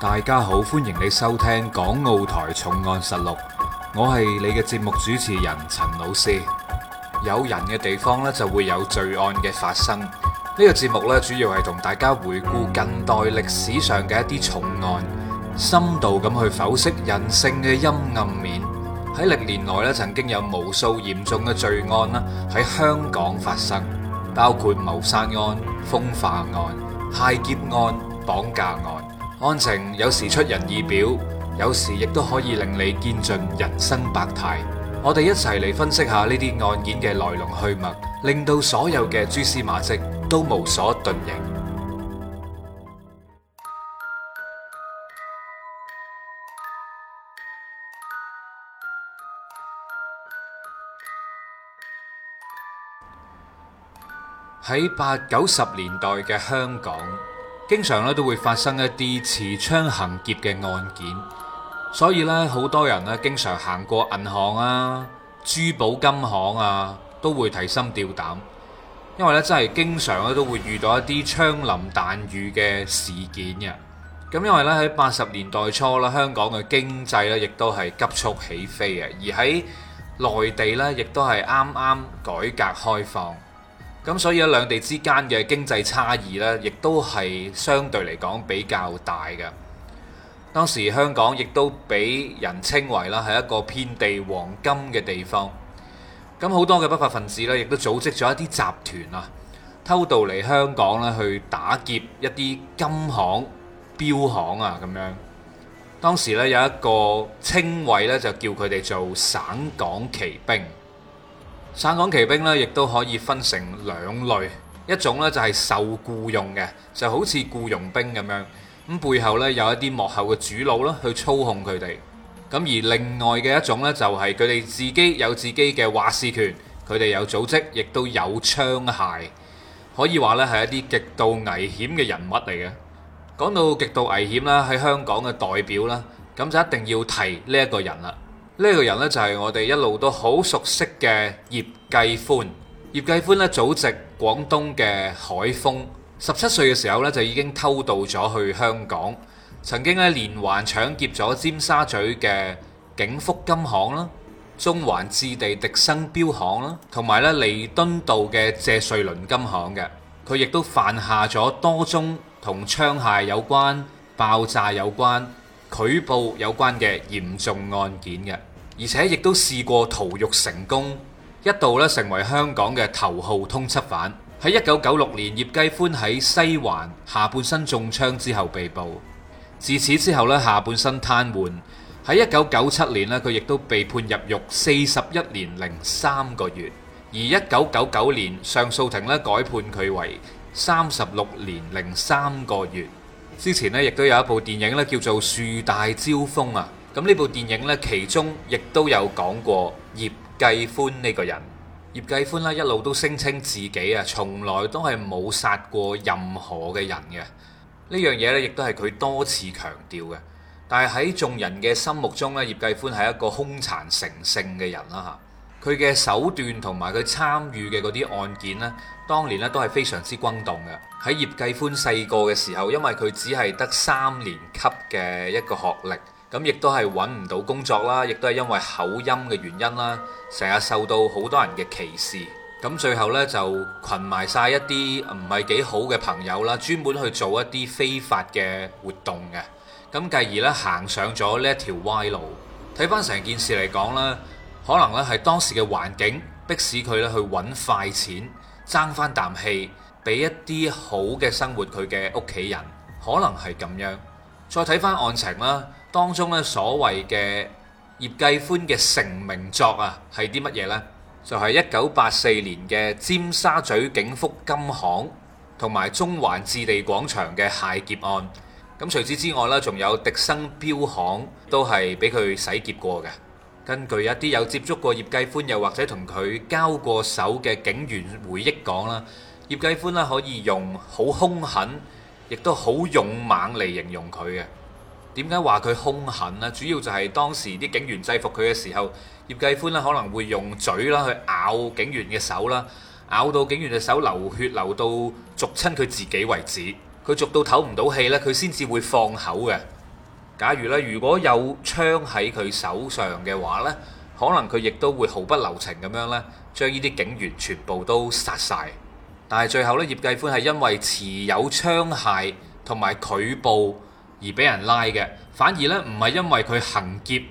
大家好，歡迎你收聽《港澳台重案實錄》，我係你嘅節目主持人陳老師。有人嘅地方咧，就會有罪案嘅發生。呢個節目咧，主要係同大家回顧近代歷史上嘅一啲重案，深度咁去剖析人性嘅陰暗面。喺歷年來咧，曾經有無數嚴重嘅罪案啦喺香港發生，包括謀殺案、風化案。械劫案、綁架案，案情有時出人意表，有時亦都可以令你見盡人生百態。我哋一齊嚟分析下呢啲案件嘅來龍去脈，令到所有嘅蛛絲馬跡都無所遁形。喺八九十年代嘅香港，經常咧都會發生一啲持槍行劫嘅案件，所以咧好多人咧經常行過銀行啊、珠寶金行啊，都會提心吊膽，因為咧真係經常咧都會遇到一啲槍林彈雨嘅事件嘅。咁因為咧喺八十年代初啦，香港嘅經濟咧亦都係急速起飛嘅，而喺內地咧亦都係啱啱改革開放。咁所以呢，兩地之間嘅經濟差異呢，亦都係相對嚟講比較大嘅。當時香港亦都俾人稱為啦，係一個遍地黃金嘅地方。咁好多嘅不法分子呢，亦都組織咗一啲集團啊，偷渡嚟香港呢，去打劫一啲金行、標行啊咁樣。當時呢，有一個稱謂呢，就叫佢哋做省港旗兵。省港旗兵咧，亦都可以分成兩類，一種咧就係受僱用嘅，就好似僱傭兵咁樣，咁背後咧有一啲幕後嘅主腦啦，去操控佢哋。咁而另外嘅一種咧，就係佢哋自己有自己嘅話事權，佢哋有組織，亦都有槍械，可以話咧係一啲極度危險嘅人物嚟嘅。講到極度危險啦，喺香港嘅代表啦，咁就一定要提呢一個人啦。呢一個人呢，就係我哋一路都好熟悉嘅葉繼歡。葉繼歡呢，祖籍廣東嘅海豐，十七歲嘅時候呢，就已經偷渡咗去香港，曾經喺連環搶劫咗尖沙咀嘅景福金行啦、中環置地迪生標行啦，同埋呢彌敦道嘅謝瑞麟金行嘅。佢亦都犯下咗多宗同槍械有關、爆炸有關，拒捕有關嘅嚴重案件嘅，而且亦都試過逃獄成功，一度咧成為香港嘅頭號通緝犯。喺一九九六年，葉繼歡喺西環下半身中槍之後被捕，自此之後咧下半身癱瘓。喺一九九七年咧，佢亦都被判入獄四十一年零三個月，而一九九九年上訴庭咧改判佢為三十六年零三個月。之前咧，亦都有一部電影咧，叫做《樹大招風》啊。咁呢部電影咧，其中亦都有講過葉繼歡呢個人。葉繼歡咧，一路都聲稱自己啊，從來都係冇殺過任何嘅人嘅。呢樣嘢咧，亦都係佢多次強調嘅。但係喺眾人嘅心目中咧，葉繼歡係一個兇殘成性嘅人啦嚇。佢嘅手段同埋佢參與嘅嗰啲案件呢。當年咧都係非常之轟動㗎。喺葉繼歡細個嘅時候，因為佢只係得三年級嘅一個學歷，咁亦都係揾唔到工作啦，亦都係因為口音嘅原因啦，成日受到好多人嘅歧視。咁最後呢，就群埋晒一啲唔係幾好嘅朋友啦，專門去做一啲非法嘅活動嘅。咁繼而呢，行上咗呢一條歪路。睇翻成件事嚟講咧，可能呢係當時嘅環境逼使佢咧去揾快錢。爭返啖氣，俾一啲好嘅生活佢嘅屋企人，可能係咁樣。再睇翻案情啦，當中呢，所謂嘅葉繼歡嘅成名作啊，係啲乜嘢呢？就係一九八四年嘅尖沙咀景福金行同埋中環置地廣場嘅械劫案。咁除此之外啦，仲有迪生標行都係俾佢洗劫過嘅。根據一啲有接觸過葉繼歡，又或者同佢交過手嘅警員回憶講啦，葉繼歡啦可以用好兇狠，亦都好勇猛嚟形容佢嘅。點解話佢兇狠咧？主要就係當時啲警員制服佢嘅時候，葉繼歡啦可能會用嘴啦去咬警員嘅手啦，咬到警員嘅手流血流到逐親佢自己為止。佢逐到唞唔到氣呢，佢先至會放口嘅。假如咧，如果有槍喺佢手上嘅話呢，可能佢亦都會毫不留情咁樣咧，將呢啲警員全部都殺晒。但係最後呢，葉繼歡係因為持有槍械同埋拒捕而俾人拉嘅，反而呢唔係因為佢行劫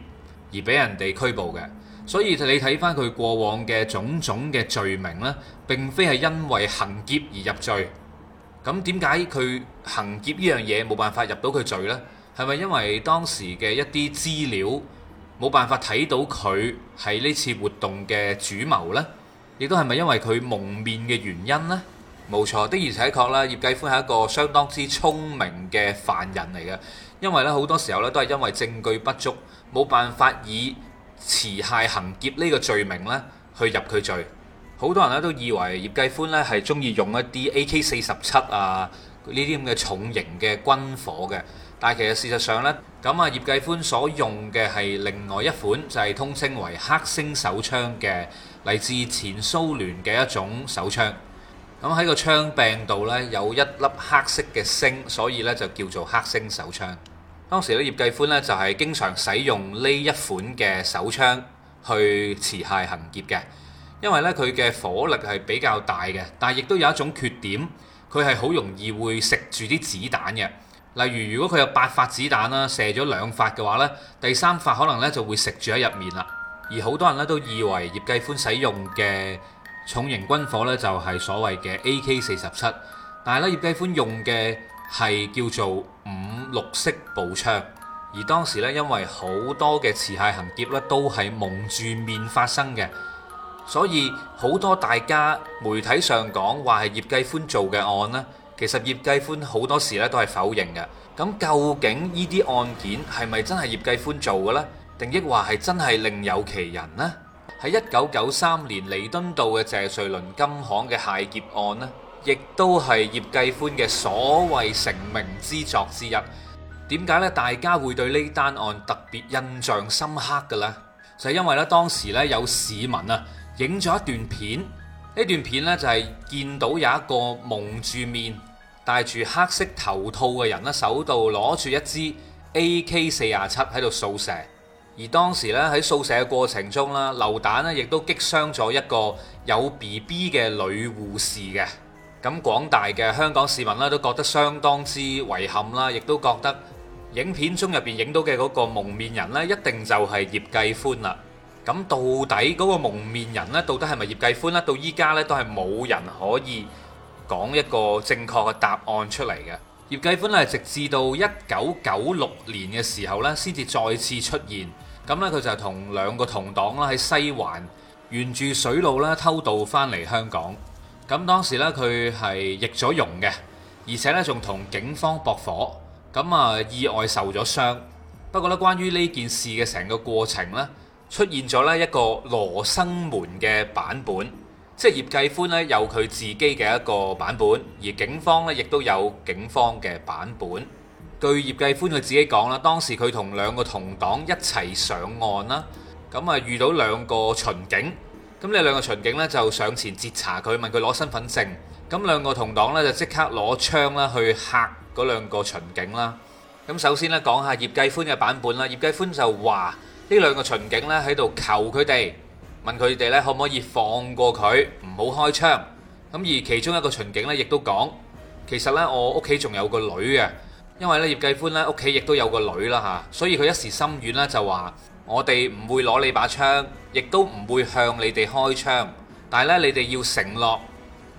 而俾人哋拘捕嘅。所以你睇翻佢過往嘅種種嘅罪名呢，並非係因為行劫而入罪。咁點解佢行劫呢樣嘢冇辦法入到佢罪呢？係咪因為當時嘅一啲資料冇辦法睇到佢係呢次活動嘅主謀呢？亦都係咪因為佢蒙面嘅原因呢？冇錯，的而且確啦，葉繼歡係一個相當之聰明嘅犯人嚟嘅。因為咧好多時候咧都係因為證據不足，冇辦法以持械行劫呢個罪名咧去入佢罪。好多人咧都以為葉繼歡咧係中意用一啲 AK 四十七啊呢啲咁嘅重型嘅軍火嘅。但係其實事實上咧，咁啊葉繼歡所用嘅係另外一款，就係通稱為黑星手槍嘅，嚟自前蘇聯嘅一種手槍。咁喺個槍柄度咧有一粒黑色嘅星，所以咧就叫做黑星手槍。當時咧葉繼歡咧就係經常使用呢一款嘅手槍去持械行劫嘅，因為咧佢嘅火力係比較大嘅，但係亦都有一種缺點，佢係好容易會食住啲子彈嘅。例如，如果佢有八發子彈啦，射咗兩發嘅話呢，第三發可能呢就會食住喺入面啦。而好多人呢都以為葉繼歡使用嘅重型軍火呢就係所謂嘅 AK 四十七，47，但係呢葉繼歡用嘅係叫做五六式步槍。而當時呢，因為好多嘅持械行劫呢都係蒙住面發生嘅，所以好多大家媒體上講話係葉繼歡做嘅案呢。其實葉繼歡好多時咧都係否認嘅，咁究竟呢啲案件係咪真係葉繼歡做嘅呢？定抑或係真係另有其人呢？喺一九九三年彌敦道嘅謝瑞麟金行嘅械劫案呢，亦都係葉繼歡嘅所謂成名之作之一。點解咧？大家會對呢單案特別印象深刻嘅呢？就係因為咧當時咧有市民啊影咗一段片，呢段片呢就係見到有一個蒙住面。戴住黑色頭套嘅人呢，手度攞住一支 A.K. 四廿七喺度掃射，而當時咧喺掃射嘅過程中啦，流彈呢亦都擊傷咗一個有 B.B. 嘅女護士嘅。咁廣大嘅香港市民呢，都覺得相當之遺憾啦，亦都覺得影片中入邊影到嘅嗰個蒙面人呢，一定就係葉繼歡啦。咁到底嗰個蒙面人呢，到底係咪葉繼歡呢？到依家呢，都係冇人可以。講一個正確嘅答案出嚟嘅。葉繼歡直至到1996即係葉繼歡呢有佢自己嘅一個版本，而警方咧亦都有警方嘅版本。據葉繼歡佢自己講啦，當時佢同兩個同黨一齊上岸啦，咁啊遇到兩個巡警，咁呢兩個巡警咧就上前截查佢，問佢攞身份證，咁兩個同黨咧就即刻攞槍啦去嚇嗰兩個巡警啦。咁首先咧講下葉繼歡嘅版本啦，葉繼歡就話呢兩個巡警咧喺度求佢哋。問佢哋咧可唔可以放過佢，唔好開槍。咁而其中一個巡警咧，亦都講：其實咧，我屋企仲有個女嘅，因為咧葉繼歡咧屋企亦都有個女啦嚇，所以佢一時心軟咧就話：我哋唔會攞你把槍，亦都唔會向你哋開槍。但係咧，你哋要承諾，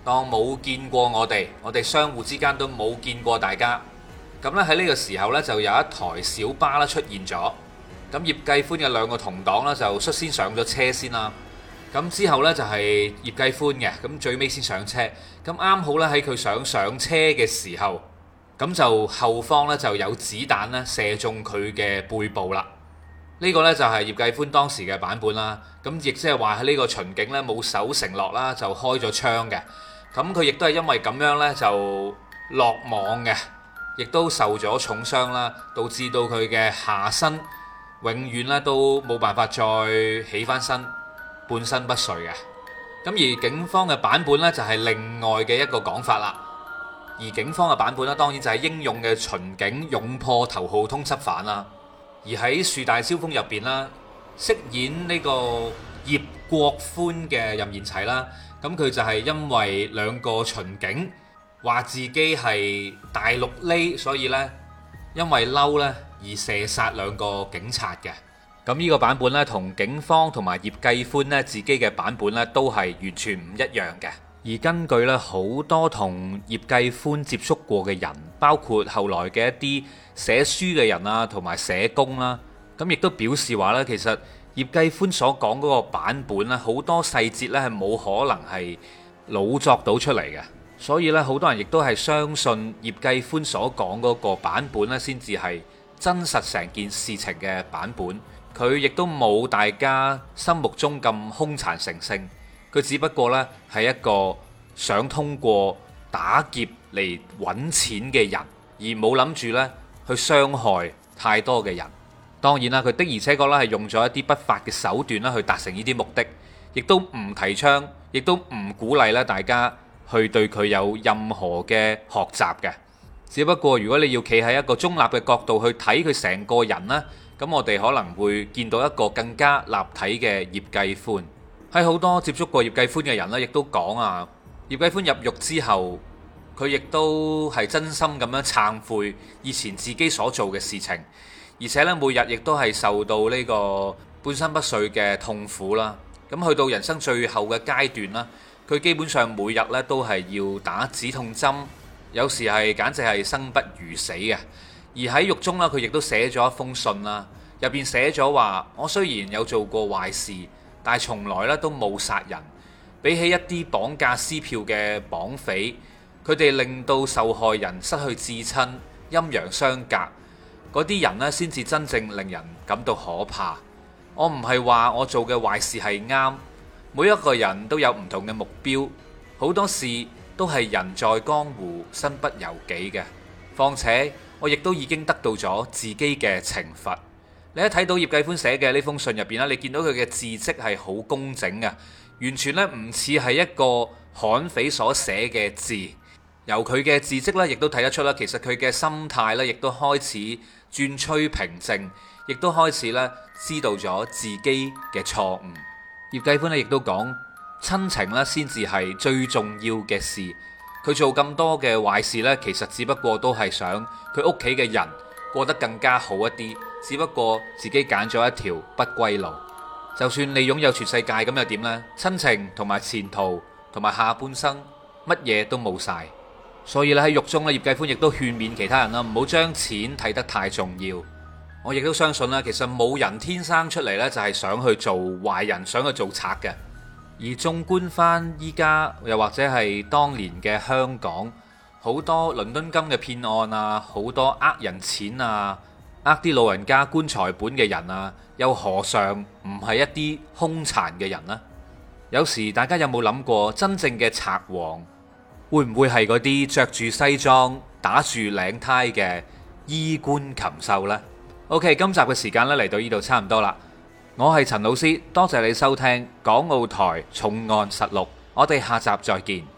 當冇見過我哋，我哋相互之間都冇見過大家。咁咧喺呢個時候咧，就有一台小巴咧出現咗。咁葉繼歡嘅兩個同黨呢就率先上咗車先啦。咁之後呢，就係、是、葉繼歡嘅咁最尾先上車。咁啱好呢，喺佢想上車嘅時候，咁就後方呢，就有子彈呢射中佢嘅背部啦。呢、這個呢，就係、是、葉繼歡當時嘅版本啦。咁亦即係話喺呢個巡警呢冇守承諾啦，就開咗槍嘅。咁佢亦都係因為咁樣呢，就落網嘅，亦都受咗重傷啦，導致到佢嘅下身。永遠咧都冇辦法再起翻身，半身不遂嘅。咁而警方嘅版本咧就係另外嘅一個講法啦。而警方嘅版本咧當然就係英勇嘅巡警勇破頭號通緝犯啦。而喺《樹大招風》入邊啦，飾演呢個葉國歡嘅任賢齊啦，咁佢就係因為兩個巡警話自己係大陸嚟，所以咧，因為嬲咧。而射殺兩個警察嘅咁呢個版本呢，同警方同埋葉繼歡呢自己嘅版本呢，都係完全唔一樣嘅。而根據呢好多同葉繼歡接觸過嘅人，包括後來嘅一啲寫書嘅人啊，同埋社工啦、啊，咁亦都表示話呢，其實葉繼歡所講嗰個版本呢，好多細節呢係冇可能係老作到出嚟嘅。所以呢，好多人亦都係相信葉繼歡所講嗰個版本呢，先至係真實成件事情嘅版本，佢亦都冇大家心目中咁兇殘成性。佢只不過咧係一個想通過打劫嚟揾錢嘅人，而冇諗住咧去傷害太多嘅人。當然啦，佢的而且確咧係用咗一啲不法嘅手段啦去達成呢啲目的，亦都唔提倡，亦都唔鼓勵啦大家去對佢有任何嘅學習嘅。只不過如果你要企喺一個中立嘅角度去睇佢成個人啦，咁我哋可能會見到一個更加立體嘅葉繼歡。喺好多接觸過葉繼歡嘅人咧，亦都講啊，葉繼歡入獄之後，佢亦都係真心咁樣懺悔以前自己所做嘅事情，而且咧每日亦都係受到呢個半身不遂嘅痛苦啦。咁去到人生最後嘅階段啦，佢基本上每日咧都係要打止痛針。有時係簡直係生不如死嘅，而喺獄中啦，佢亦都寫咗一封信啦，入邊寫咗話：我雖然有做過壞事，但係從來咧都冇殺人。比起一啲綁架撕票嘅綁匪，佢哋令到受害人失去至親，陰陽相隔，嗰啲人咧先至真正令人感到可怕。我唔係話我做嘅壞事係啱，每一個人都有唔同嘅目標，好多事，都係人在江湖身不由己嘅，況且我亦都已經得到咗自己嘅懲罰。你一睇到葉繼歡寫嘅呢封信入邊啦，你見到佢嘅字跡係好工整嘅，完全呢唔似係一個悍匪所寫嘅字。由佢嘅字跡呢，亦都睇得出啦，其實佢嘅心態呢，亦都開始轉趨平靜，亦都開始呢知道咗自己嘅錯誤。葉繼歡呢，亦都講。親情咧先至係最重要嘅事，佢做咁多嘅壞事咧，其實只不過都係想佢屋企嘅人過得更加好一啲，只不過自己揀咗一條不歸路。就算你擁有全世界，咁又點呢？親情同埋前途同埋下半生乜嘢都冇晒。所以咧，喺獄中咧，葉繼歡亦都勸勉其他人啦，唔好將錢睇得太重要。我亦都相信啦，其實冇人天生出嚟咧就係想去做壞人，想去做賊嘅。而縱觀翻依家，又或者係當年嘅香港，好多倫敦金嘅騙案啊，好多呃人錢啊，呃啲老人家棺材本嘅人啊，又何嘗唔係一啲兇殘嘅人呢？有時大家有冇諗過，真正嘅賊王會唔會係嗰啲着住西裝、打住領呔嘅衣冠禽獸呢？OK，今集嘅時間呢嚟到呢度差唔多啦。我係陳老師，多謝你收聽《港澳台重案實錄》，我哋下集再見。